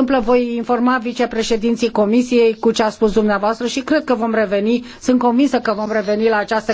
întâmplă, voi informa vicepreședinții Comisiei cu ce a spus dumneavoastră și cred că vom reveni, sunt convinsă că vom reveni la această